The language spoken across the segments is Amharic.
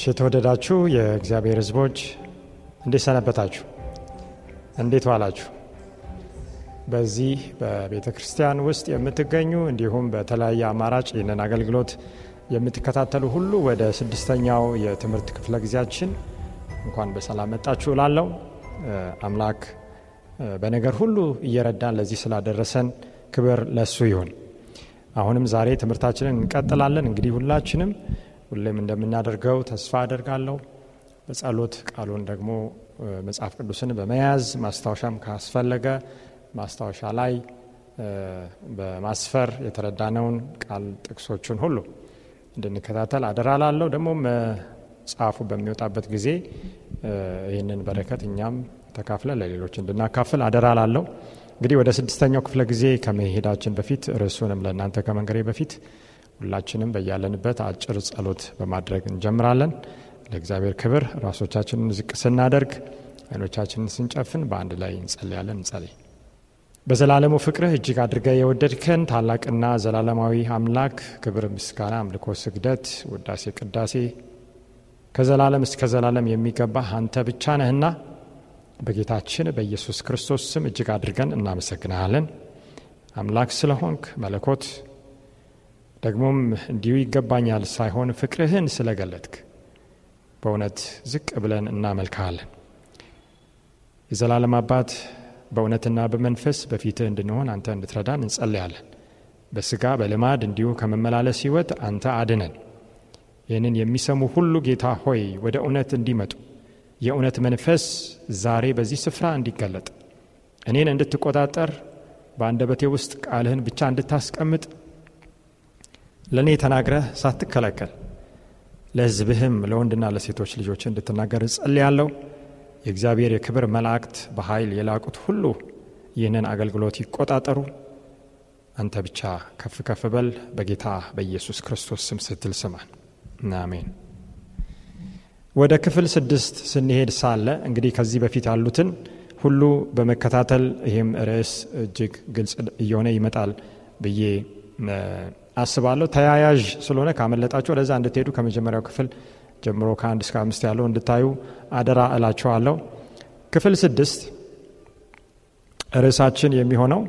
እሺ የተወደዳችሁ የእግዚአብሔር ህዝቦች እንዴት ሰነበታችሁ? እንዴት ዋላችሁ? በዚህ በቤተ ክርስቲያን ውስጥ የምትገኙ እንዲሁም በተለያየ አማራጭ ይህንን አገልግሎት የምትከታተሉ ሁሉ ወደ ስድስተኛው የትምህርት ክፍለ ጊዜያችን እንኳን በሰላም መጣችሁ ላለው አምላክ በነገር ሁሉ እየረዳን ለዚህ ስላደረሰን ክብር ለሱ ይሁን። አሁንም ዛሬ ትምህርታችንን እንቀጥላለን። እንግዲህ ሁላችንም ሁሌም እንደምናደርገው ተስፋ አደርጋለሁ። በጸሎት ቃሉን ደግሞ መጽሐፍ ቅዱስን በመያዝ ማስታወሻም ካስፈለገ ማስታወሻ ላይ በማስፈር የተረዳነውን ቃል ጥቅሶቹን ሁሉ እንድንከታተል አደራ ደግሞ መጽሐፉ በሚወጣበት ጊዜ ይህንን በረከት እኛም ተካፍለ ለሌሎች እንድናካፍል አደራላለሁ እንግዲህ ወደ ስድስተኛው ክፍለ ጊዜ ከመሄዳችን በፊት ርዕሱንም ለእናንተ ከመንገሬ በፊት ሁላችንም በያለንበት አጭር ጸሎት በማድረግ እንጀምራለን። ለእግዚአብሔር ክብር ራሶቻችንን ዝቅ ስናደርግ፣ አይኖቻችንን ስንጨፍን በአንድ ላይ እንጸልያለን። እንጸልይ። በዘላለሙ ፍቅርህ እጅግ አድርገ የወደድከን ታላቅና ዘላለማዊ አምላክ ክብር፣ ምስጋና፣ አምልኮ፣ ስግደት፣ ውዳሴ፣ ቅዳሴ ከዘላለም እስከ ዘላለም የሚገባ አንተ ብቻ ነህና በጌታችን በኢየሱስ ክርስቶስ ስም እጅግ አድርገን እናመሰግናለን። አምላክ ስለሆንክ መለኮት ደግሞም እንዲሁ ይገባኛል ሳይሆን ፍቅርህን ስለገለጥክ በእውነት ዝቅ ብለን እናመልክሃለን። የዘላለም አባት በእውነትና በመንፈስ በፊትህ እንድንሆን አንተ እንድትረዳን እንጸልያለን። በስጋ በልማድ እንዲሁ ከመመላለስ ሕይወት አንተ አድነን። ይህንን የሚሰሙ ሁሉ ጌታ ሆይ ወደ እውነት እንዲመጡ የእውነት መንፈስ ዛሬ በዚህ ስፍራ እንዲገለጥ እኔን እንድትቆጣጠር በአንደበቴ ውስጥ ቃልህን ብቻ እንድታስቀምጥ ለእኔ ተናግረህ ሳትከላከል ለህዝብህም ለወንድና ለሴቶች ልጆች እንድትናገር ያለው የእግዚአብሔር የክብር መላእክት በኃይል የላቁት ሁሉ ይህንን አገልግሎት ይቆጣጠሩ። አንተ ብቻ ከፍ ከፍ በል። በጌታ በኢየሱስ ክርስቶስ ስም ስትል ስማን። አሜን። ወደ ክፍል ስድስት ስንሄድ ሳለ እንግዲህ ከዚህ በፊት ያሉትን ሁሉ በመከታተል ይህም ርዕስ እጅግ ግልጽ እየሆነ ይመጣል ብዬ አስባለሁ። ተያያዥ ስለሆነ ካመለጣችሁ ወደዛ እንድትሄዱ ከመጀመሪያው ክፍል ጀምሮ ከአንድ እስከ አምስት ያለው እንድታዩ አደራ እላችኋለሁ። ክፍል ስድስት ርዕሳችን የሚሆነው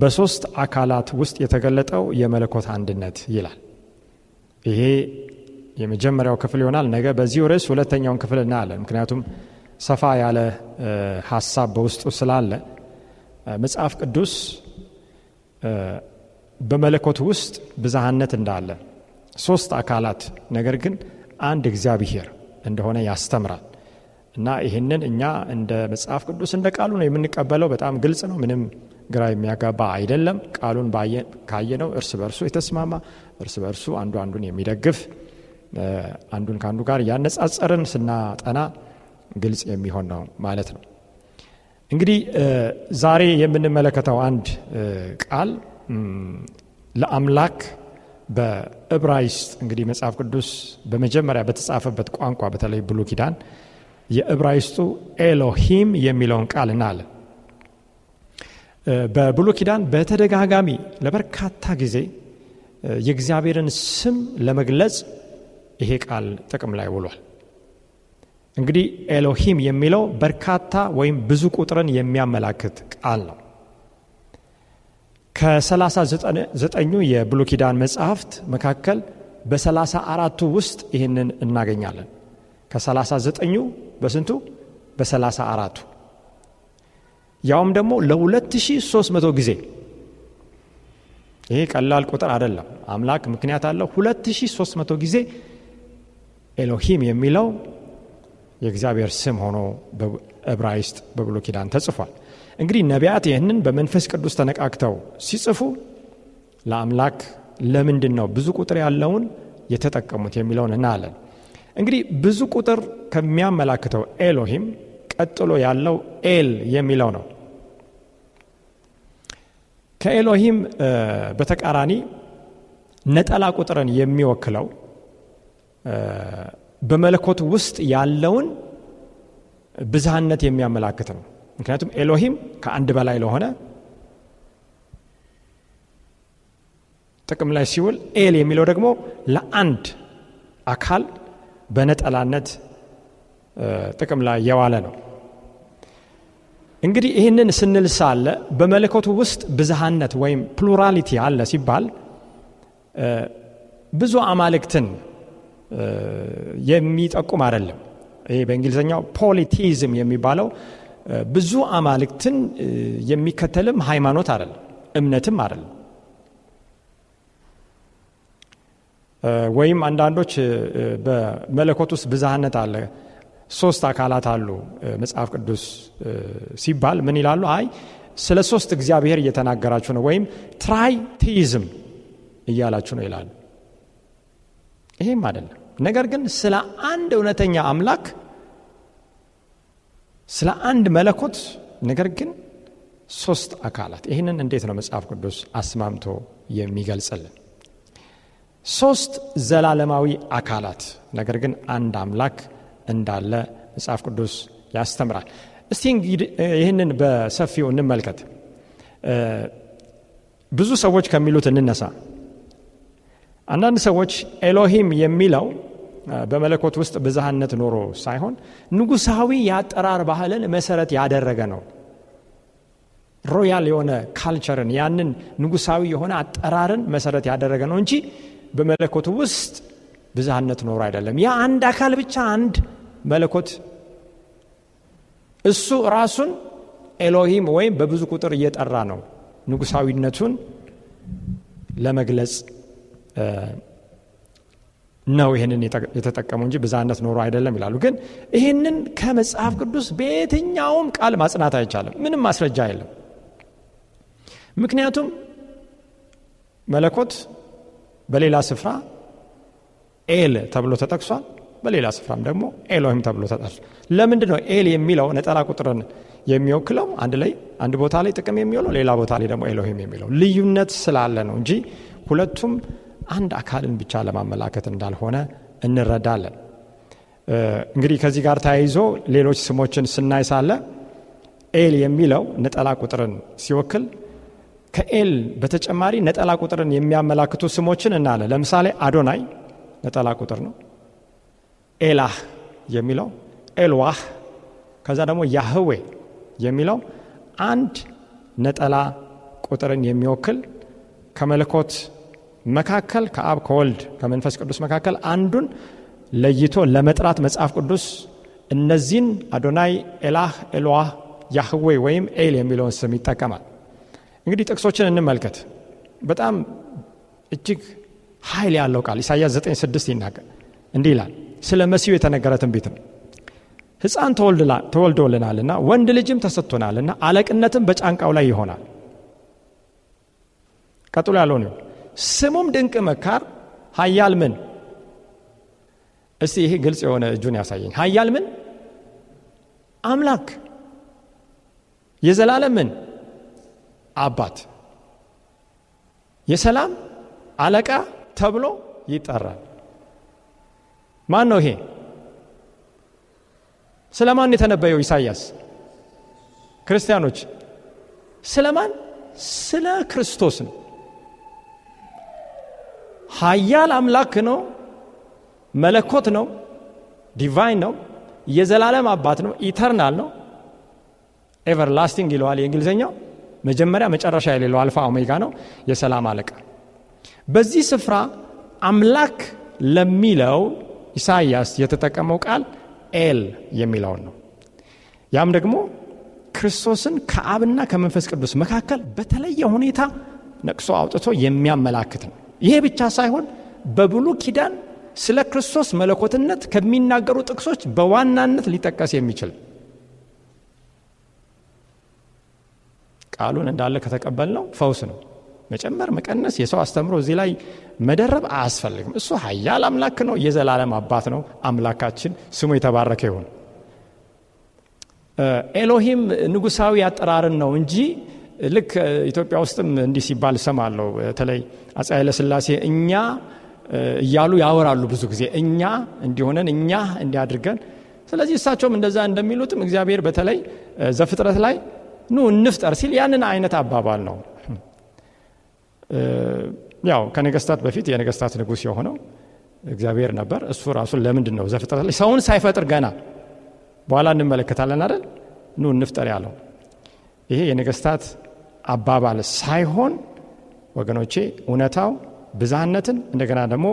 በሶስት አካላት ውስጥ የተገለጠው የመለኮት አንድነት ይላል። ይሄ የመጀመሪያው ክፍል ይሆናል። ነገ በዚሁ ርዕስ ሁለተኛውን ክፍል እናያለን። ምክንያቱም ሰፋ ያለ ሀሳብ በውስጡ ስላለ መጽሐፍ ቅዱስ በመለኮት ውስጥ ብዝሃነት እንዳለ ሶስት አካላት ነገር ግን አንድ እግዚአብሔር እንደሆነ ያስተምራል እና ይህንን እኛ እንደ መጽሐፍ ቅዱስ እንደ ቃሉ ነው የምንቀበለው። በጣም ግልጽ ነው። ምንም ግራ የሚያጋባ አይደለም። ቃሉን ካየነው እርስ በእርሱ የተስማማ እርስ በእርሱ አንዱ አንዱን የሚደግፍ አንዱን ከአንዱ ጋር ያነጻጸርን ስናጠና ግልጽ የሚሆን ነው ማለት ነው። እንግዲህ ዛሬ የምንመለከተው አንድ ቃል ለአምላክ በዕብራይስጥ እንግዲህ መጽሐፍ ቅዱስ በመጀመሪያ በተጻፈበት ቋንቋ በተለይ ብሉ ኪዳን የዕብራይስጡ ኤሎሂም የሚለውን ቃል እናለ በብሉ ኪዳን በተደጋጋሚ ለበርካታ ጊዜ የእግዚአብሔርን ስም ለመግለጽ ይሄ ቃል ጥቅም ላይ ውሏል። እንግዲህ ኤሎሂም የሚለው በርካታ ወይም ብዙ ቁጥርን የሚያመላክት ቃል ነው። ከሰላሳ ዘጠኙ የብሉ ኪዳን መጽሐፍት መካከል በሰላሳ አራቱ ውስጥ ይህንን እናገኛለን። ከ39ኙ በስንቱ በሰላሳ አራቱ ያውም ደግሞ ለ2300 ጊዜ። ይሄ ቀላል ቁጥር አይደለም። አምላክ ምክንያት አለው። 2300 ጊዜ ኤሎሂም የሚለው የእግዚአብሔር ስም ሆኖ በዕብራይስጥ በብሉይ ኪዳን ተጽፏል። እንግዲህ ነቢያት ይህንን በመንፈስ ቅዱስ ተነቃክተው ሲጽፉ ለአምላክ ለምንድን ነው ብዙ ቁጥር ያለውን የተጠቀሙት የሚለውን እና አለን። እንግዲህ ብዙ ቁጥር ከሚያመላክተው ኤሎሂም ቀጥሎ ያለው ኤል የሚለው ነው። ከኤሎሂም በተቃራኒ ነጠላ ቁጥርን የሚወክለው በመለኮት ውስጥ ያለውን ብዝሃነት የሚያመላክት ነው። ምክንያቱም ኤሎሂም ከአንድ በላይ ለሆነ ጥቅም ላይ ሲውል ኤል የሚለው ደግሞ ለአንድ አካል በነጠላነት ጥቅም ላይ የዋለ ነው። እንግዲህ ይህንን ስንል ሳለ በመለኮቱ ውስጥ ብዝሃነት ወይም ፕሉራሊቲ አለ ሲባል ብዙ አማልክትን የሚጠቁም አይደለም። ይ በእንግሊዝኛው ፖሊቲዝም የሚባለው ብዙ አማልክትን የሚከተልም ሃይማኖት አይደለም፣ እምነትም አይደለም። ወይም አንዳንዶች በመለኮት ውስጥ ብዛህነት አለ፣ ሶስት አካላት አሉ መጽሐፍ ቅዱስ ሲባል ምን ይላሉ? አይ ስለ ሶስት እግዚአብሔር እየተናገራችሁ ነው፣ ወይም ትራይ ቲይዝም እያላችሁ ነው ይላሉ። ይሄም አይደለም። ነገር ግን ስለ አንድ እውነተኛ አምላክ ስለ አንድ መለኮት ነገር ግን ሶስት አካላት ይህንን እንዴት ነው መጽሐፍ ቅዱስ አስማምቶ የሚገልጽልን ሶስት ዘላለማዊ አካላት ነገር ግን አንድ አምላክ እንዳለ መጽሐፍ ቅዱስ ያስተምራል እስቲ ይህንን በሰፊው እንመልከት ብዙ ሰዎች ከሚሉት እንነሳ አንዳንድ ሰዎች ኤሎሂም የሚለው በመለኮት ውስጥ ብዝሃነት ኖሮ ሳይሆን ንጉሳዊ የአጠራር ባህልን መሰረት ያደረገ ነው። ሮያል የሆነ ካልቸርን ያንን ንጉሳዊ የሆነ አጠራርን መሰረት ያደረገ ነው እንጂ በመለኮቱ ውስጥ ብዝሃነት ኖሮ አይደለም። ያ አንድ አካል ብቻ አንድ መለኮት እሱ ራሱን ኤሎሂም ወይም በብዙ ቁጥር እየጠራ ነው ንጉሳዊነቱን ለመግለጽ ነው ይህንን የተጠቀሙ እንጂ ብዛነት ኖሮ አይደለም ይላሉ። ግን ይህንን ከመጽሐፍ ቅዱስ በየትኛውም ቃል ማጽናት አይቻልም። ምንም ማስረጃ የለም። ምክንያቱም መለኮት በሌላ ስፍራ ኤል ተብሎ ተጠቅሷል። በሌላ ስፍራም ደግሞ ኤሎሂም ተብሎ ተጠቅሷል። ለምንድ ነው ኤል የሚለው ነጠላ ቁጥርን የሚወክለው አንድ ላይ አንድ ቦታ ላይ ጥቅም የሚውለው ሌላ ቦታ ላይ ደግሞ ኤሎሂም የሚለው ልዩነት ስላለ ነው እንጂ ሁለቱም አንድ አካልን ብቻ ለማመላከት እንዳልሆነ እንረዳለን። እንግዲህ ከዚህ ጋር ተያይዞ ሌሎች ስሞችን ስናይ ሳለ ኤል የሚለው ነጠላ ቁጥርን ሲወክል ከኤል በተጨማሪ ነጠላ ቁጥርን የሚያመላክቱ ስሞችን እናለ ለምሳሌ አዶናይ ነጠላ ቁጥር ነው። ኤላህ የሚለው ኤልዋህ፣ ከዛ ደግሞ ያህዌ የሚለው አንድ ነጠላ ቁጥርን የሚወክል ከመለኮት መካከል ከአብ ከወልድ ከመንፈስ ቅዱስ መካከል አንዱን ለይቶ ለመጥራት መጽሐፍ ቅዱስ እነዚህን አዶናይ ኤላህ ኤልዋህ ያህዌ ወይም ኤል የሚለውን ስም ይጠቀማል። እንግዲህ ጥቅሶችን እንመልከት። በጣም እጅግ ኃይል ያለው ቃል ኢሳያስ 9፥6 ይናገር እንዲህ ይላል። ስለ መሲሁ የተነገረ ትንቢት ነው። ሕፃን ተወልዶልናልና ወንድ ልጅም ተሰጥቶናልና አለቅነትም በጫንቃው ላይ ይሆናል። ቀጥሎ ያለውን ስሙም ድንቅ መካር ሀያል ምን እስቲ ይሄ ግልጽ የሆነ እጁን ያሳየኝ ሀያል ምን አምላክ የዘላለም ምን አባት የሰላም አለቃ ተብሎ ይጠራል ማን ነው ይሄ ስለ ማን የተነበየው ኢሳያስ ክርስቲያኖች ስለ ማን ስለ ክርስቶስ ነው ሀያል አምላክ ነው መለኮት ነው ዲቫይን ነው የዘላለም አባት ነው ኢተርናል ነው ኤቨርላስቲንግ ይለዋል የእንግሊዝኛው መጀመሪያ መጨረሻ የሌለው አልፋ ኦሜጋ ነው የሰላም አለቃ በዚህ ስፍራ አምላክ ለሚለው ኢሳይያስ የተጠቀመው ቃል ኤል የሚለውን ነው ያም ደግሞ ክርስቶስን ከአብና ከመንፈስ ቅዱስ መካከል በተለየ ሁኔታ ነቅሶ አውጥቶ የሚያመላክት ነው ይሄ ብቻ ሳይሆን በብሉ ኪዳን ስለ ክርስቶስ መለኮትነት ከሚናገሩ ጥቅሶች በዋናነት ሊጠቀስ የሚችል ቃሉን እንዳለ ከተቀበል ነው ፈውስ ነው። መጨመር፣ መቀነስ፣ የሰው አስተምሮ እዚህ ላይ መደረብ አያስፈልግም። እሱ ሀያል አምላክ ነው። የዘላለም አባት ነው አምላካችን፣ ስሙ የተባረከ ይሁን። ኤሎሂም ንጉሳዊ አጠራርን ነው እንጂ ልክ ኢትዮጵያ ውስጥም እንዲህ ሲባል ሰማለው ። በተለይ አፄ ኃይለስላሴ እኛ እያሉ ያወራሉ ብዙ ጊዜ እኛ እንዲሆነን እኛ እንዲያድርገን። ስለዚህ እሳቸውም እንደዛ እንደሚሉትም እግዚአብሔር በተለይ ዘፍጥረት ላይ ኑ እንፍጠር ሲል ያንን አይነት አባባል ነው። ያው ከነገስታት በፊት የነገስታት ንጉሥ የሆነው እግዚአብሔር ነበር። እሱ ራሱን ለምንድን ነው ዘፍጥረት ላይ ሰውን ሳይፈጥር ገና በኋላ እንመለከታለን አይደል ኑ እንፍጠር ያለው ይሄ የነገስታት አባባል ሳይሆን ወገኖቼ እውነታው ብዛህነትን እንደገና ደግሞ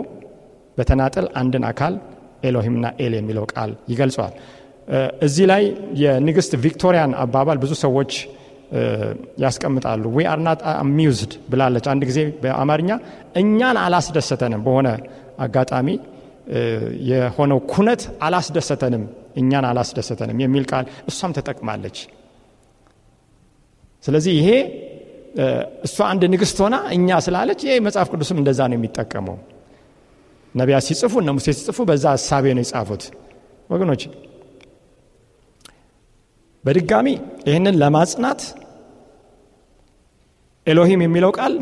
በተናጠል አንድን አካል ኤሎሂምና ኤል የሚለው ቃል ይገልጸዋል። እዚህ ላይ የንግስት ቪክቶሪያን አባባል ብዙ ሰዎች ያስቀምጣሉ። ዊ አር ናት አሚውዝድ ብላለች አንድ ጊዜ በአማርኛ እኛን አላስደሰተንም፣ በሆነ አጋጣሚ የሆነው ኩነት አላስደሰተንም፣ እኛን አላስደሰተንም የሚል ቃል እሷም ተጠቅማለች። ስለዚህ ይሄ እሷ አንድ ንግስት ሆና እኛ ስላለች ይህ መጽሐፍ ቅዱስም እንደዛ ነው የሚጠቀመው። ነቢያ ሲጽፉ እነ ሙሴ ሲጽፉ በዛ ሀሳቤ ነው የጻፉት። ወገኖች በድጋሚ ይህንን ለማጽናት ኤሎሂም የሚለው ቃል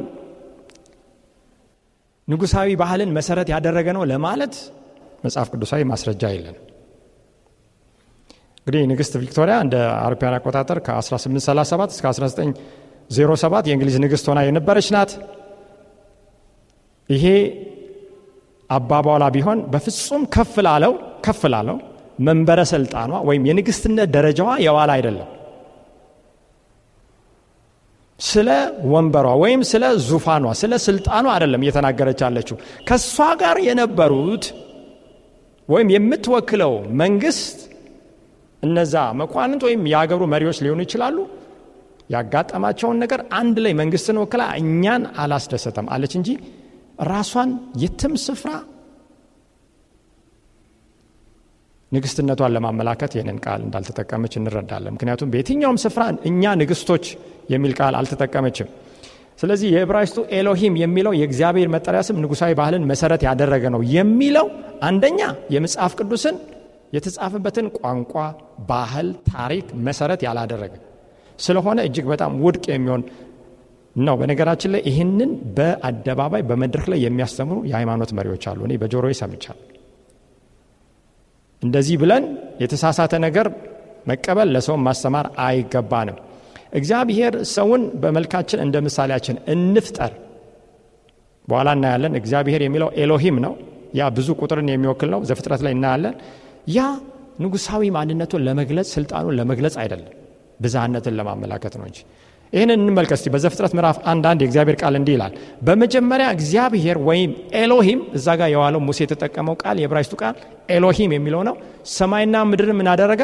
ንጉሳዊ ባህልን መሰረት ያደረገ ነው ለማለት መጽሐፍ ቅዱሳዊ ማስረጃ የለን። እንግዲህ ንግስት ቪክቶሪያ እንደ አውሮፓውያን አቆጣጠር ከ1837 እስከ 07 የእንግሊዝ ንግሥት ሆና የነበረች ናት። ይሄ አባባላ ቢሆን በፍጹም ከፍ ላለው ከፍ ላለው መንበረ ስልጣኗ ወይም የንግስትነት ደረጃዋ የዋላ አይደለም። ስለ ወንበሯ ወይም ስለ ዙፋኗ፣ ስለ ስልጣኗ አይደለም እየተናገረች አለችው ከእሷ ጋር የነበሩት ወይም የምትወክለው መንግስት እነዛ መኳንንት ወይም የአገሩ መሪዎች ሊሆኑ ይችላሉ ያጋጠማቸውን ነገር አንድ ላይ መንግስትን ወክላ እኛን አላስደሰተም አለች እንጂ ራሷን የትም ስፍራ ንግስትነቷን ለማመላከት ይህንን ቃል እንዳልተጠቀመች እንረዳለን። ምክንያቱም በየትኛውም ስፍራ እኛ ንግስቶች የሚል ቃል አልተጠቀመችም። ስለዚህ የዕብራይስቱ ኤሎሂም የሚለው የእግዚአብሔር መጠሪያ ስም ንጉሳዊ ባህልን መሰረት ያደረገ ነው የሚለው አንደኛ የመጽሐፍ ቅዱስን የተጻፈበትን ቋንቋ፣ ባህል፣ ታሪክ መሰረት ያላደረገ ስለሆነ እጅግ በጣም ውድቅ የሚሆን ነው። በነገራችን ላይ ይህንን በአደባባይ በመድረክ ላይ የሚያስተምሩ የሃይማኖት መሪዎች አሉ። እኔ በጆሮ ሰምቻል እንደዚህ ብለን የተሳሳተ ነገር መቀበል ለሰውን ማስተማር አይገባንም። እግዚአብሔር ሰውን በመልካችን እንደ ምሳሌያችን እንፍጠር። በኋላ እናያለን። እግዚአብሔር የሚለው ኤሎሂም ነው። ያ ብዙ ቁጥርን የሚወክል ነው። ዘፍጥረት ላይ እናያለን። ያ ንጉሳዊ ማንነቱን ለመግለጽ ስልጣኑን ለመግለጽ አይደለም። ብዝሃነትን ለማመላከት ነው እንጂ ይህን እንመልከት እስቲ በዘፍጥረት ምዕራፍ አንድ የእግዚአብሔር ቃል እንዲህ ይላል በመጀመሪያ እግዚአብሔር ወይም ኤሎሂም እዛ ጋር የዋለው ሙሴ የተጠቀመው ቃል የብራይስቱ ቃል ኤሎሂም የሚለው ነው ሰማይና ምድር ምን አደረገ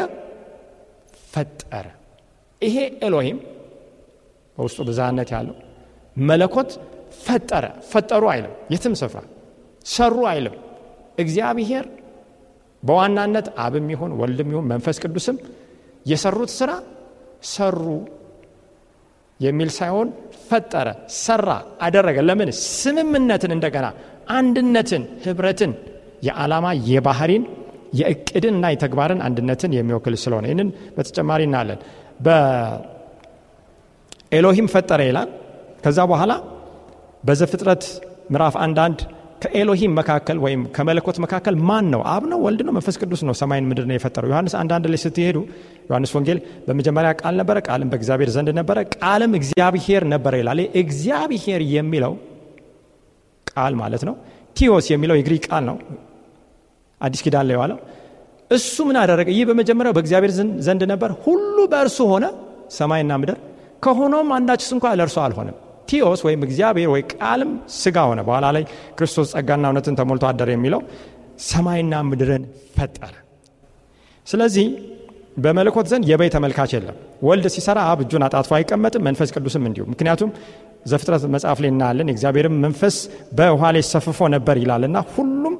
ፈጠረ ይሄ ኤሎሂም በውስጡ ብዝሃነት ያለው መለኮት ፈጠረ ፈጠሩ አይልም የትም ስፍራ ሰሩ አይልም እግዚአብሔር በዋናነት አብም ይሁን ወልድም ይሁን መንፈስ ቅዱስም የሰሩት ስራ ሰሩ የሚል ሳይሆን ፈጠረ፣ ሰራ፣ አደረገ። ለምን? ስምምነትን እንደገና አንድነትን፣ ህብረትን፣ የዓላማ የባህሪን የእቅድን እና የተግባርን አንድነትን የሚወክል ስለሆነ ይህንን በተጨማሪ እናያለን። በኤሎሂም ፈጠረ ይላል። ከዛ በኋላ በዘፍጥረት ምዕራፍ አንድ አንድ ከኤሎሂም መካከል ወይም ከመለኮት መካከል ማን ነው? አብ ነው? ወልድ ነው? መንፈስ ቅዱስ ነው? ሰማይን ምድር ነው የፈጠረው? ዮሐንስ አንዳንድ ላይ ስትሄዱ ዮሐንስ ወንጌል በመጀመሪያ ቃል ነበረ፣ ቃልም በእግዚአብሔር ዘንድ ነበረ፣ ቃልም እግዚአብሔር ነበረ ይላል። እግዚአብሔር የሚለው ቃል ማለት ነው። ቲዮስ የሚለው የግሪክ ቃል ነው። አዲስ ኪዳን ላይ ዋለው እሱ ምን አደረገ? ይህ በመጀመሪያው በእግዚአብሔር ዘንድ ነበር፣ ሁሉ በእርሱ ሆነ፣ ሰማይና ምድር ከሆነውም አንዳችስ እንኳ ለእርሱ አልሆነም። ቲዮስ ወይም እግዚአብሔር ወይ ቃልም ስጋ ሆነ በኋላ ላይ ክርስቶስ ጸጋና እውነትን ተሞልቶ አደረ የሚለው ሰማይና ምድርን ፈጠረ ስለዚህ በመለኮት ዘንድ የበይ ተመልካች የለም ወልድ ሲሰራ አብ እጁን አጣጥፎ አይቀመጥም መንፈስ ቅዱስም እንዲሁ ምክንያቱም ዘፍጥረት መጽሐፍ ላይ እናያለን እግዚአብሔርም መንፈስ በውሃ ላይ ሰፍፎ ነበር ይላል ሁሉም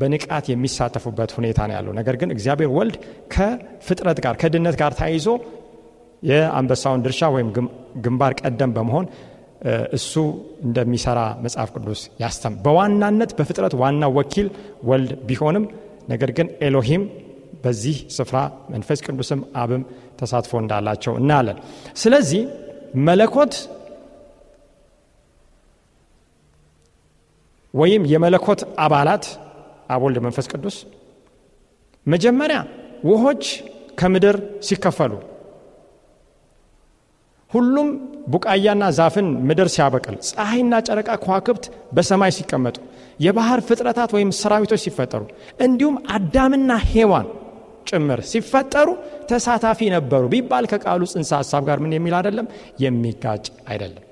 በንቃት የሚሳተፉበት ሁኔታ ነው ያለው ነገር ግን እግዚአብሔር ወልድ ከፍጥረት ጋር ከድነት ጋር ተያይዞ የአንበሳውን ድርሻ ወይም ግንባር ቀደም በመሆን እሱ እንደሚሰራ መጽሐፍ ቅዱስ ያስተም በዋናነት በፍጥረት ዋና ወኪል ወልድ ቢሆንም ነገር ግን ኤሎሂም በዚህ ስፍራ መንፈስ ቅዱስም አብም ተሳትፎ እንዳላቸው እናያለን። ስለዚህ መለኮት ወይም የመለኮት አባላት አቦልድ መንፈስ ቅዱስ መጀመሪያ ውሆች ከምድር ሲከፈሉ ሁሉም ቡቃያና ዛፍን ምድር ሲያበቅል፣ ፀሐይና ጨረቃ ከዋክብት በሰማይ ሲቀመጡ፣ የባህር ፍጥረታት ወይም ሰራዊቶች ሲፈጠሩ፣ እንዲሁም አዳምና ሔዋን ጭምር ሲፈጠሩ ተሳታፊ ነበሩ ቢባል ከቃሉ ጽንሰ ሀሳብ ጋር ምን የሚል አይደለም፣ የሚጋጭ አይደለም።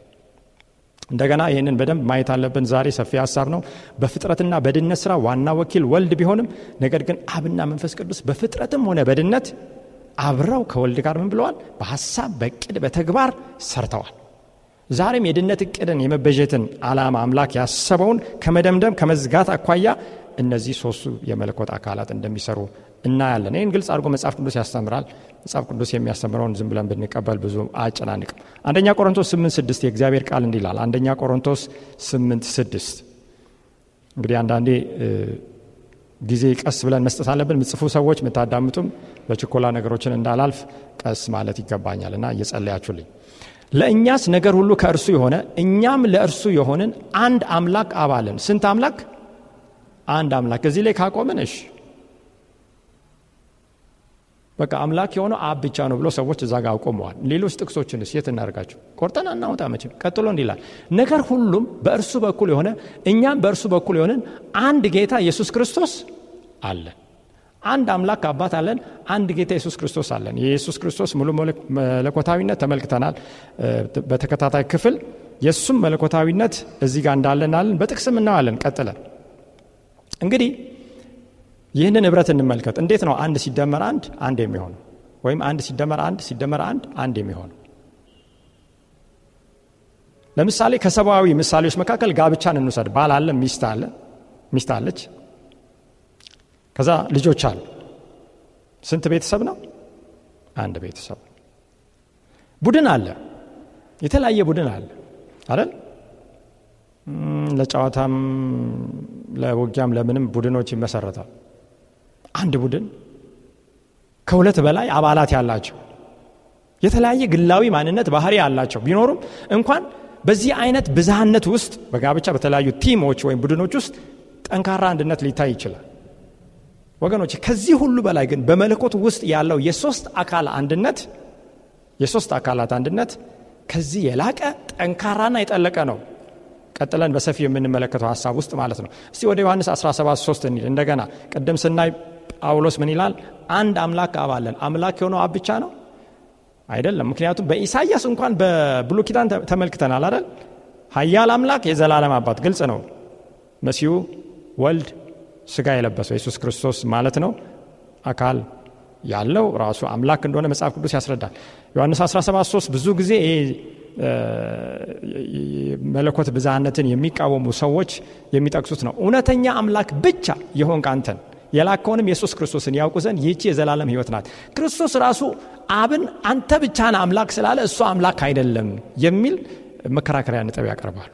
እንደገና ይህንን በደንብ ማየት አለብን። ዛሬ ሰፊ ሀሳብ ነው። በፍጥረትና በድነት ስራ ዋና ወኪል ወልድ ቢሆንም ነገር ግን አብና መንፈስ ቅዱስ በፍጥረትም ሆነ በድነት አብረው ከወልድ ጋር ምን ብለዋል? በሀሳብ በእቅድ በተግባር ሰርተዋል። ዛሬም የድነት እቅድን የመበጀትን ዓላማ አምላክ ያሰበውን ከመደምደም ከመዝጋት አኳያ እነዚህ ሶስቱ የመለኮት አካላት እንደሚሰሩ እናያለን። ይህን ግልጽ አድርጎ መጽሐፍ ቅዱስ ያስተምራል። መጽሐፍ ቅዱስ የሚያስተምረውን ዝም ብለን ብንቀበል ብዙ አጨናንቅም አንደኛ ቆሮንቶስ 8 ስድስት የእግዚአብሔር ቃል እንዲ ይላል። አንደኛ ቆሮንቶስ 8 ስድስት እንግዲህ አንዳንዴ ጊዜ ቀስ ብለን መስጠት አለብን። ምጽፉ ሰዎች የምታዳምጡም በችኮላ ነገሮችን እንዳላልፍ ቀስ ማለት ይገባኛል እና እየጸለያችሁልኝ ለእኛስ ነገር ሁሉ ከእርሱ የሆነ እኛም ለእርሱ የሆንን አንድ አምላክ አባልን ስንት አምላክ አንድ አምላክ እዚህ ላይ ካቆምን እሽ በቃ አምላክ የሆነው አብ ብቻ ነው ብሎ ሰዎች እዛ ጋር ቆመዋል ሌሎች ጥቅሶችንስ የት እናርጋቸው ቆርጠን አናወጣ መችም ቀጥሎ እንዲላል ነገር ሁሉም በእርሱ በኩል የሆነ እኛም በእርሱ በኩል የሆንን አንድ ጌታ ኢየሱስ ክርስቶስ አለን አንድ አምላክ አባት አለን፣ አንድ ጌታ ኢየሱስ ክርስቶስ አለን። የኢየሱስ ክርስቶስ ሙሉ መለኮታዊነት ተመልክተናል በተከታታይ ክፍል። የእሱም መለኮታዊነት እዚህ ጋር እንዳለን አለን፣ በጥቅስም እናዋለን። ቀጥለን እንግዲህ ይህንን ህብረት እንመልከት። እንዴት ነው አንድ ሲደመር አንድ አንድ የሚሆነው? ወይም አንድ ሲደመር አንድ ሲደመር አንድ አንድ የሚሆነው? ለምሳሌ ከሰብአዊ ምሳሌዎች መካከል ጋብቻን እንውሰድ። ባል አለ፣ ሚስት አለ፣ ሚስት አለች ከዛ ልጆች አሉ። ስንት ቤተሰብ ነው? አንድ ቤተሰብ። ቡድን አለ፣ የተለያየ ቡድን አለ አይደል? ለጨዋታም ለውጊያም ለምንም ቡድኖች ይመሰረታል። አንድ ቡድን ከሁለት በላይ አባላት ያላቸው የተለያየ ግላዊ ማንነት ባህሪ ያላቸው ቢኖሩም እንኳን በዚህ አይነት ብዝሃነት ውስጥ በጋብቻ በተለያዩ ቲሞች ወይም ቡድኖች ውስጥ ጠንካራ አንድነት ሊታይ ይችላል። ወገኖች ከዚህ ሁሉ በላይ ግን በመለኮት ውስጥ ያለው የሶስት አካል አንድነት የሶስት አካላት አንድነት ከዚህ የላቀ ጠንካራና የጠለቀ ነው። ቀጥለን በሰፊ የምንመለከተው ሀሳብ ውስጥ ማለት ነው። እስቲ ወደ ዮሐንስ 173 እንል እንደገና ቅድም ስናይ ጳውሎስ ምን ይላል? አንድ አምላክ አባለን አምላክ የሆነው አብ ብቻ ነው አይደለም። ምክንያቱም በኢሳይያስ እንኳን በብሉ ኪዳን ተመልክተናል አይደል? ሀያል አምላክ የዘላለም አባት ግልጽ ነው። መሲሁ ወልድ ስጋ የለበሰው የሱስ ክርስቶስ ማለት ነው አካል ያለው ራሱ አምላክ እንደሆነ መጽሐፍ ቅዱስ ያስረዳል። ዮሐንስ 17፥3 ብዙ ጊዜ መለኮት ብዝሃነትን የሚቃወሙ ሰዎች የሚጠቅሱት ነው። እውነተኛ አምላክ ብቻ የሆንክ አንተን የላከውንም የሱስ ክርስቶስን ያውቁ ዘንድ ይህቺ የዘላለም ህይወት ናት። ክርስቶስ ራሱ አብን አንተ ብቻን አምላክ ስላለ እሱ አምላክ አይደለም የሚል መከራከሪያ ነጥብ ያቀርባሉ።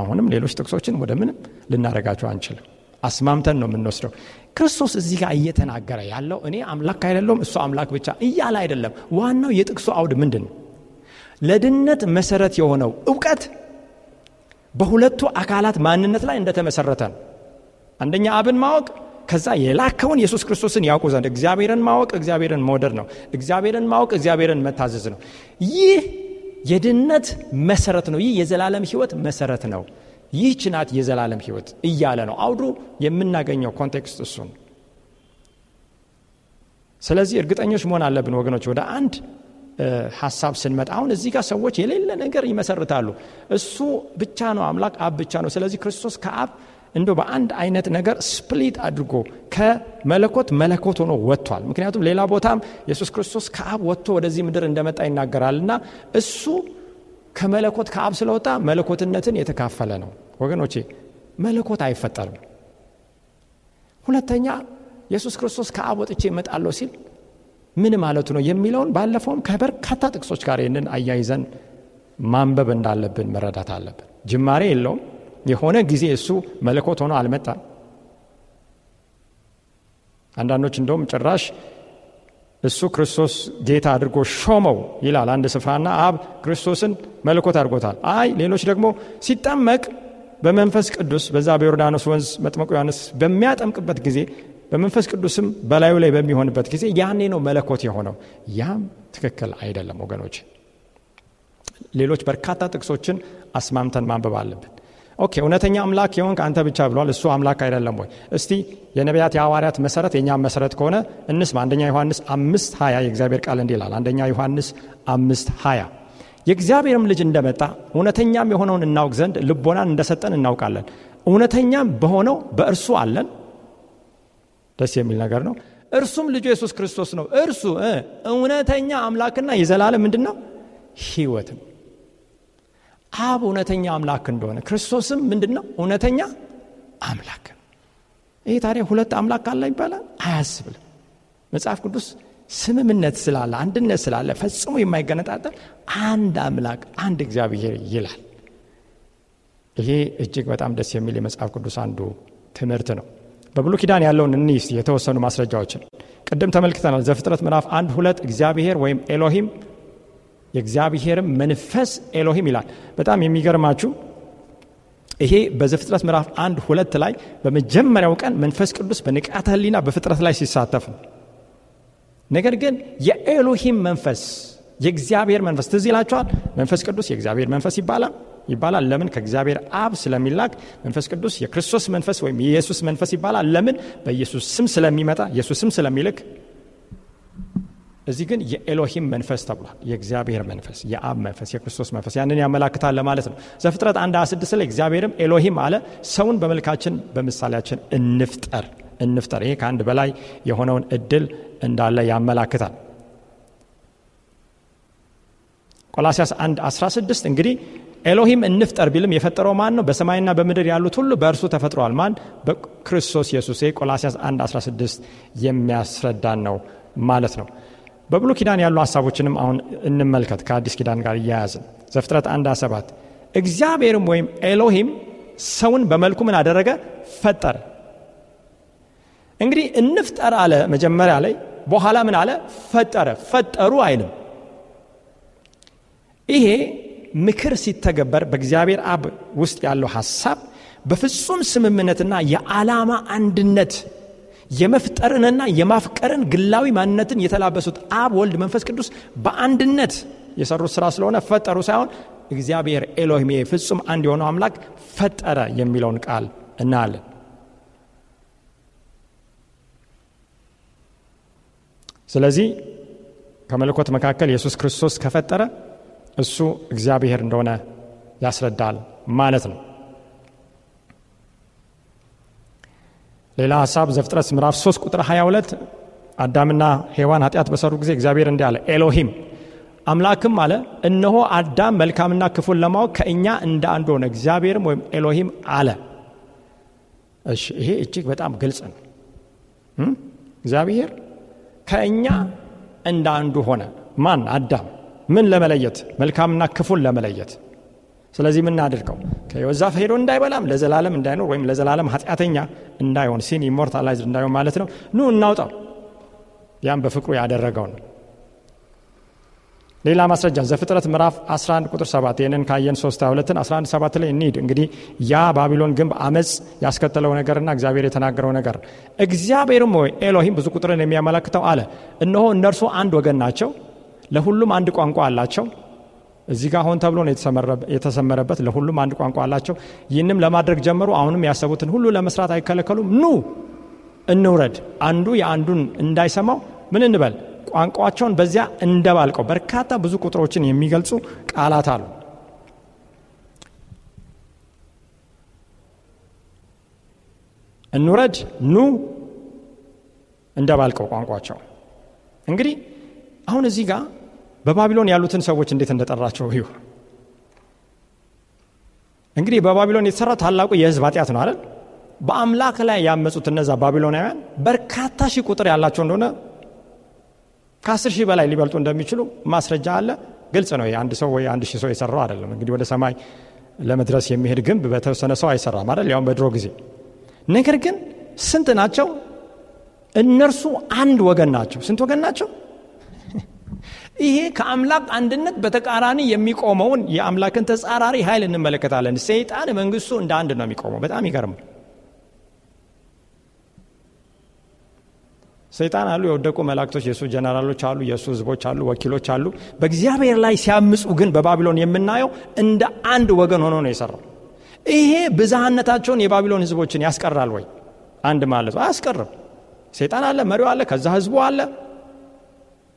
አሁንም ሌሎች ጥቅሶችን ወደ ምንም ልናደርጋቸው አንችልም። አስማምተን ነው የምንወስደው። ክርስቶስ እዚህ ጋር እየተናገረ ያለው እኔ አምላክ አይደለም እሱ አምላክ ብቻ እያለ አይደለም። ዋናው የጥቅሱ አውድ ምንድን ነው? ለድነት መሰረት የሆነው እውቀት በሁለቱ አካላት ማንነት ላይ እንደተመሰረተ ነው። አንደኛ አብን ማወቅ ከዛ የላከውን ኢየሱስ ክርስቶስን ያውቁ ዘንድ እግዚአብሔርን ማወቅ እግዚአብሔርን መውደድ ነው። እግዚአብሔርን ማወቅ እግዚአብሔርን መታዘዝ ነው። ይህ የድነት መሰረት ነው። ይህ የዘላለም ህይወት መሰረት ነው። ይህች ናት የዘላለም ህይወት እያለ ነው አውዱ የምናገኘው ኮንቴክስት እሱን ስለዚህ እርግጠኞች መሆን አለብን ወገኖች ወደ አንድ ሀሳብ ስንመጣ አሁን እዚህ ጋር ሰዎች የሌለ ነገር ይመሰርታሉ እሱ ብቻ ነው አምላክ አብ ብቻ ነው ስለዚህ ክርስቶስ ከአብ እንደ በአንድ አይነት ነገር ስፕሊት አድርጎ ከመለኮት መለኮት ሆኖ ወጥቷል ምክንያቱም ሌላ ቦታም ኢየሱስ ክርስቶስ ከአብ ወጥቶ ወደዚህ ምድር እንደመጣ ይናገራልና እሱ ከመለኮት ከአብ ስለወጣ መለኮትነትን የተካፈለ ነው። ወገኖቼ መለኮት አይፈጠርም። ሁለተኛ ኢየሱስ ክርስቶስ ከአብ ወጥቼ ይመጣለሁ ሲል ምን ማለቱ ነው የሚለውን ባለፈውም ከበርካታ ጥቅሶች ጋር ይህንን አያይዘን ማንበብ እንዳለብን መረዳት አለብን። ጅማሬ የለውም። የሆነ ጊዜ እሱ መለኮት ሆኖ አልመጣም። አንዳንዶች እንደውም ጭራሽ እሱ ክርስቶስ ጌታ አድርጎ ሾመው ይላል አንድ ስፍራና አብ ክርስቶስን መለኮት አድርጎታል። አይ ሌሎች ደግሞ ሲጠመቅ በመንፈስ ቅዱስ በዛ በዮርዳኖስ ወንዝ መጥመቁ ዮሐንስ በሚያጠምቅበት ጊዜ በመንፈስ ቅዱስም በላዩ ላይ በሚሆንበት ጊዜ ያኔ ነው መለኮት የሆነው። ያም ትክክል አይደለም ወገኖች። ሌሎች በርካታ ጥቅሶችን አስማምተን ማንበብ አለብን። ኦኬ እውነተኛ አምላክ የሆንክ አንተ ብቻ ብሏል። እሱ አምላክ አይደለም ወይ? እስቲ የነቢያት የአዋርያት መሰረት የእኛም መሰረት ከሆነ እንስማ። አንደኛ ዮሐንስ አምስት ሀያ የእግዚአብሔር ቃል እንዲ ይላል። አንደኛ ዮሐንስ አምስት ሀያ የእግዚአብሔርም ልጅ እንደመጣ እውነተኛም የሆነውን እናውቅ ዘንድ ልቦናን እንደሰጠን እናውቃለን። እውነተኛም በሆነው በእርሱ አለን። ደስ የሚል ነገር ነው። እርሱም ልጁ ኢየሱስ ክርስቶስ ነው። እርሱ እውነተኛ አምላክና የዘላለም ምንድን ነው? ነው። አብ እውነተኛ አምላክ እንደሆነ ክርስቶስም ምንድን ነው እውነተኛ አምላክ ነው ይህ ታዲያ ሁለት አምላክ አለ ይባላል አያስብልም መጽሐፍ ቅዱስ ስምምነት ስላለ አንድነት ስላለ ፈጽሞ የማይገነጣጠል አንድ አምላክ አንድ እግዚአብሔር ይላል ይሄ እጅግ በጣም ደስ የሚል የመጽሐፍ ቅዱስ አንዱ ትምህርት ነው በብሉ ኪዳን ያለውን እኒስ የተወሰኑ ማስረጃዎችን ቅድም ተመልክተናል ዘፍጥረት ምዕራፍ አንድ ሁለት እግዚአብሔር ወይም ኤሎሂም የእግዚአብሔርም መንፈስ ኤሎሂም ይላል። በጣም የሚገርማችሁ ይሄ በዘፍጥረት ምዕራፍ አንድ ሁለት ላይ በመጀመሪያው ቀን መንፈስ ቅዱስ በንቃተ ህሊና በፍጥረት ላይ ሲሳተፍ ነው። ነገር ግን የኤሎሂም መንፈስ የእግዚአብሔር መንፈስ ትዝ ይላችኋል። መንፈስ ቅዱስ የእግዚአብሔር መንፈስ ይባላል ይባላል። ለምን? ከእግዚአብሔር አብ ስለሚላክ መንፈስ ቅዱስ የክርስቶስ መንፈስ ወይም የኢየሱስ መንፈስ ይባላል። ለምን? በኢየሱስ ስም ስለሚመጣ ኢየሱስ ስም ስለሚልክ እዚህ ግን የኤሎሂም መንፈስ ተብሏል። የእግዚአብሔር መንፈስ፣ የአብ መንፈስ፣ የክርስቶስ መንፈስ ያንን ያመላክታል ለማለት ነው። ዘፍጥረት አንድ ስድስት ላይ እግዚአብሔርም ኤሎሂም አለ ሰውን በመልካችን በምሳሌያችን እንፍጠር እንፍጠር። ይሄ ከአንድ በላይ የሆነውን እድል እንዳለ ያመላክታል። ቆላሲያስ 1 16 እንግዲህ ኤሎሂም እንፍጠር ቢልም የፈጠረው ማን ነው? በሰማይና በምድር ያሉት ሁሉ በእርሱ ተፈጥረዋል። ማን? በክርስቶስ ኢየሱስ። ቆላሲያስ 1 16 የሚያስረዳን ነው ማለት ነው። በብሉ ኪዳን ያሉ ሀሳቦችንም አሁን እንመልከት ከአዲስ ኪዳን ጋር እያያዝን ዘፍጥረት አንድ ሰባት እግዚአብሔርም ወይም ኤሎሂም ሰውን በመልኩ ምን አደረገ ፈጠረ እንግዲህ እንፍጠር አለ መጀመሪያ ላይ በኋላ ምን አለ ፈጠረ ፈጠሩ አይልም ይሄ ምክር ሲተገበር በእግዚአብሔር አብ ውስጥ ያለው ሀሳብ በፍጹም ስምምነትና የዓላማ አንድነት የመፍጠርንና የማፍቀርን ግላዊ ማንነትን የተላበሱት አብ፣ ወልድ፣ መንፈስ ቅዱስ በአንድነት የሰሩት ስራ ስለሆነ ፈጠሩ ሳይሆን እግዚአብሔር ኤሎሂም ፍጹም አንድ የሆነው አምላክ ፈጠረ የሚለውን ቃል እናለን ስለዚህ ከመልኮት መካከል ኢየሱስ ክርስቶስ ከፈጠረ እሱ እግዚአብሔር እንደሆነ ያስረዳል ማለት ነው። ሌላ ሀሳብ ዘፍጥረት ምዕራፍ 3 ቁጥር 22 አዳምና ሔዋን ኃጢአት በሰሩ ጊዜ እግዚአብሔር እንዲህ አለ፣ ኤሎሂም አምላክም አለ፣ እነሆ አዳም መልካምና ክፉን ለማወቅ ከእኛ እንደ አንዱ ሆነ፣ እግዚአብሔርም ወይም ኤሎሂም አለ። እሺ ይሄ እጅግ በጣም ግልጽ ነው። እግዚአብሔር ከእኛ እንደ አንዱ ሆነ። ማን? አዳም። ምን ለመለየት? መልካምና ክፉን ለመለየት ስለዚህ የምናደርገው ከሕይወት ዛፍ ሄዶ እንዳይበላም ለዘላለም እንዳይኖር ወይም ለዘላለም ኃጢአተኛ እንዳይሆን ሲን ኢሞርታላይዝድ እንዳይሆን ማለት ነው። ኑ እናውጣው። ያም በፍቅሩ ያደረገው ነው። ሌላ ማስረጃ ዘፍጥረት ምዕራፍ 11 ቁጥር 7 ይህንን ካየን 3 2 11 7 ላይ እንሂድ። እንግዲህ ያ ባቢሎን ግንብ አመፅ ያስከተለው ነገርና እግዚአብሔር የተናገረው ነገር እግዚአብሔርም ወይ ኤሎሂም ብዙ ቁጥርን የሚያመለክተው አለ፣ እነሆ እነርሱ አንድ ወገን ናቸው፣ ለሁሉም አንድ ቋንቋ አላቸው እዚህ ጋር ሆን ተብሎ ነው የተሰመረበት። ለሁሉም አንድ ቋንቋ አላቸው። ይህንም ለማድረግ ጀመሩ። አሁንም ያሰቡትን ሁሉ ለመስራት አይከለከሉም። ኑ እንውረድ፣ አንዱ የአንዱን እንዳይሰማው ምን እንበል ቋንቋቸውን በዚያ እንደባልቀው በርካታ ብዙ ቁጥሮችን የሚገልጹ ቃላት አሉ። እንውረድ፣ ኑ እንደባልቀው ቋንቋቸው እንግዲህ አሁን እዚህ ጋር በባቢሎን ያሉትን ሰዎች እንዴት እንደጠራቸው ይሁ እንግዲህ በባቢሎን የተሰራ ታላቁ የህዝብ ኃጢአት ነው አይደል? በአምላክ ላይ ያመፁት እነዛ ባቢሎናውያን በርካታ ሺህ ቁጥር ያላቸው እንደሆነ ከአስር ሺህ በላይ ሊበልጡ እንደሚችሉ ማስረጃ አለ። ግልጽ ነው። አንድ ሰው ወይ አንድ ሺህ ሰው የሰራው አይደለም። እንግዲህ ወደ ሰማይ ለመድረስ የሚሄድ ግንብ በተወሰነ ሰው አይሰራም አይደል? ያውም በድሮ ጊዜ። ነገር ግን ስንት ናቸው? እነርሱ አንድ ወገን ናቸው። ስንት ወገን ናቸው? ይሄ ከአምላክ አንድነት በተቃራኒ የሚቆመውን የአምላክን ተጻራሪ ኃይል እንመለከታለን። ሰይጣን መንግስቱ እንደ አንድ ነው የሚቆመው። በጣም ይገርማል። ሰይጣን አሉ፣ የወደቁ መላእክቶች የእሱ ጀነራሎች አሉ፣ የእሱ ህዝቦች አሉ፣ ወኪሎች አሉ። በእግዚአብሔር ላይ ሲያምፁ ግን በባቢሎን የምናየው እንደ አንድ ወገን ሆኖ ነው የሰራው። ይሄ ብዛህነታቸውን የባቢሎን ህዝቦችን ያስቀራል ወይ? አንድ ማለት አያስቀርም። ሰይጣን አለ፣ መሪው አለ፣ ከዛ ህዝቡ አለ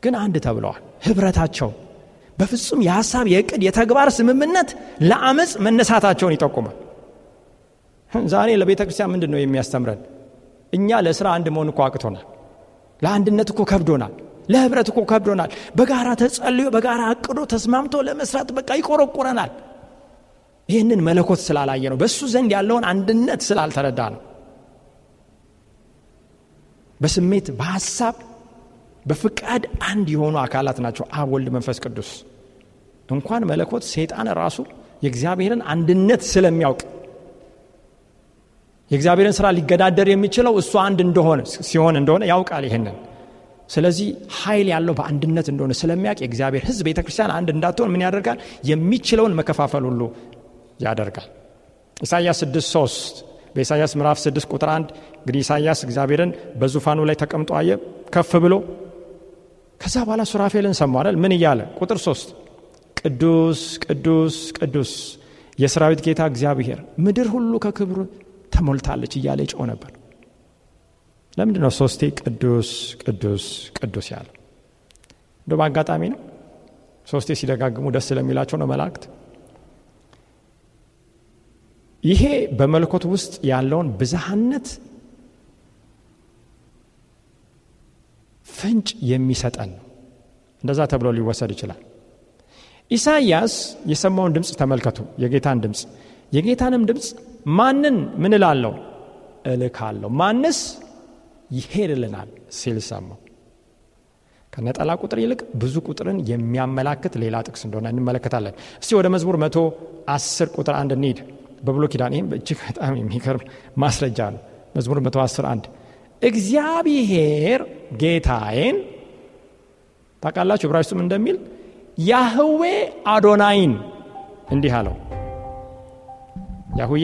ግን አንድ ተብለዋል ህብረታቸው በፍጹም የሀሳብ የእቅድ የተግባር ስምምነት ለአመፅ መነሳታቸውን ይጠቁማል ዛሬ ለቤተ ክርስቲያን ምንድን ነው የሚያስተምረን እኛ ለስራ አንድ መሆን እኮ አቅቶናል ለአንድነት እኮ ከብዶናል ለህብረት እኮ ከብዶናል በጋራ ተጸልዮ በጋራ አቅዶ ተስማምቶ ለመስራት በቃ ይቆረቁረናል ይህንን መለኮት ስላላየ ነው በእሱ ዘንድ ያለውን አንድነት ስላልተረዳ ነው በስሜት በሀሳብ በፍቃድ አንድ የሆኑ አካላት ናቸው። አብ፣ ወልድ፣ መንፈስ ቅዱስ እንኳን መለኮት ሰይጣን ራሱ የእግዚአብሔርን አንድነት ስለሚያውቅ የእግዚአብሔርን ስራ ሊገዳደር የሚችለው እሱ አንድ እንደሆነ ሲሆን እንደሆነ ያውቃል ይሄንን። ስለዚህ ኃይል ያለው በአንድነት እንደሆነ ስለሚያውቅ የእግዚአብሔር ህዝብ ቤተ ክርስቲያን አንድ እንዳትሆን ምን ያደርጋል? የሚችለውን መከፋፈል ሁሉ ያደርጋል። ኢሳያስ 63 በኢሳያስ ምዕራፍ 6 ቁጥር 1 እንግዲህ ኢሳያስ እግዚአብሔርን በዙፋኑ ላይ ተቀምጦ አየ ከፍ ብሎ ከዛ በኋላ ሱራፌልን ሰማል ምን እያለ ቁጥር ሶስት ቅዱስ ቅዱስ ቅዱስ የሰራዊት ጌታ እግዚአብሔር ምድር ሁሉ ከክብሩ ተሞልታለች እያለ ይጮህ ነበር ለምንድ ነው ሶስቴ ቅዱስ ቅዱስ ቅዱስ ያለ? እንደ አጋጣሚ ነው ሶስቴ ሲደጋግሙ ደስ ስለሚላቸው ነው መላእክት ይሄ በመልኮት ውስጥ ያለውን ብዝሃነት ፍንጭ የሚሰጠን ነው። እንደዛ ተብሎ ሊወሰድ ይችላል። ኢሳይያስ የሰማውን ድምፅ ተመልከቱ፣ የጌታን ድምፅ የጌታንም ድምፅ ማንን ምን እላለሁ እልካለሁ ማንስ ይሄድልናል ሲል ሰማው። ከነጠላ ቁጥር ይልቅ ብዙ ቁጥርን የሚያመላክት ሌላ ጥቅስ እንደሆነ እንመለከታለን። እስቲ ወደ መዝሙር መቶ አስር ቁጥር አንድ እንሂድ። በብሎ ኪዳን ይህም እጅግ በጣም የሚገርም ማስረጃ ነው። መዝሙር መቶ አስር አንድ እግዚአብሔር ጌታዬን ታቃላችሁ ብራሱም እንደሚል ያህዌ አዶናይን እንዲህ አለው። ያሁዬ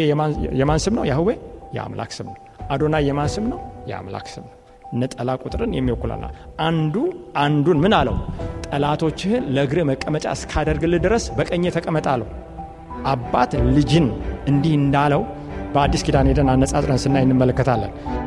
የማን ስም ነው? ያህዌ የአምላክ ስም ነው። አዶናይ የማን ስም ነው? የአምላክ ስም ነው። ነጠላ ቁጥርን የሚወኩላና አንዱ አንዱን ምን አለው? ጠላቶችህን ለእግር መቀመጫ እስካደርግልህ ድረስ በቀኜ ተቀመጥ አለው። አባት ልጅን እንዲህ እንዳለው በአዲስ ኪዳን ሄደን አነጻጽረን ስናይ እንመለከታለን።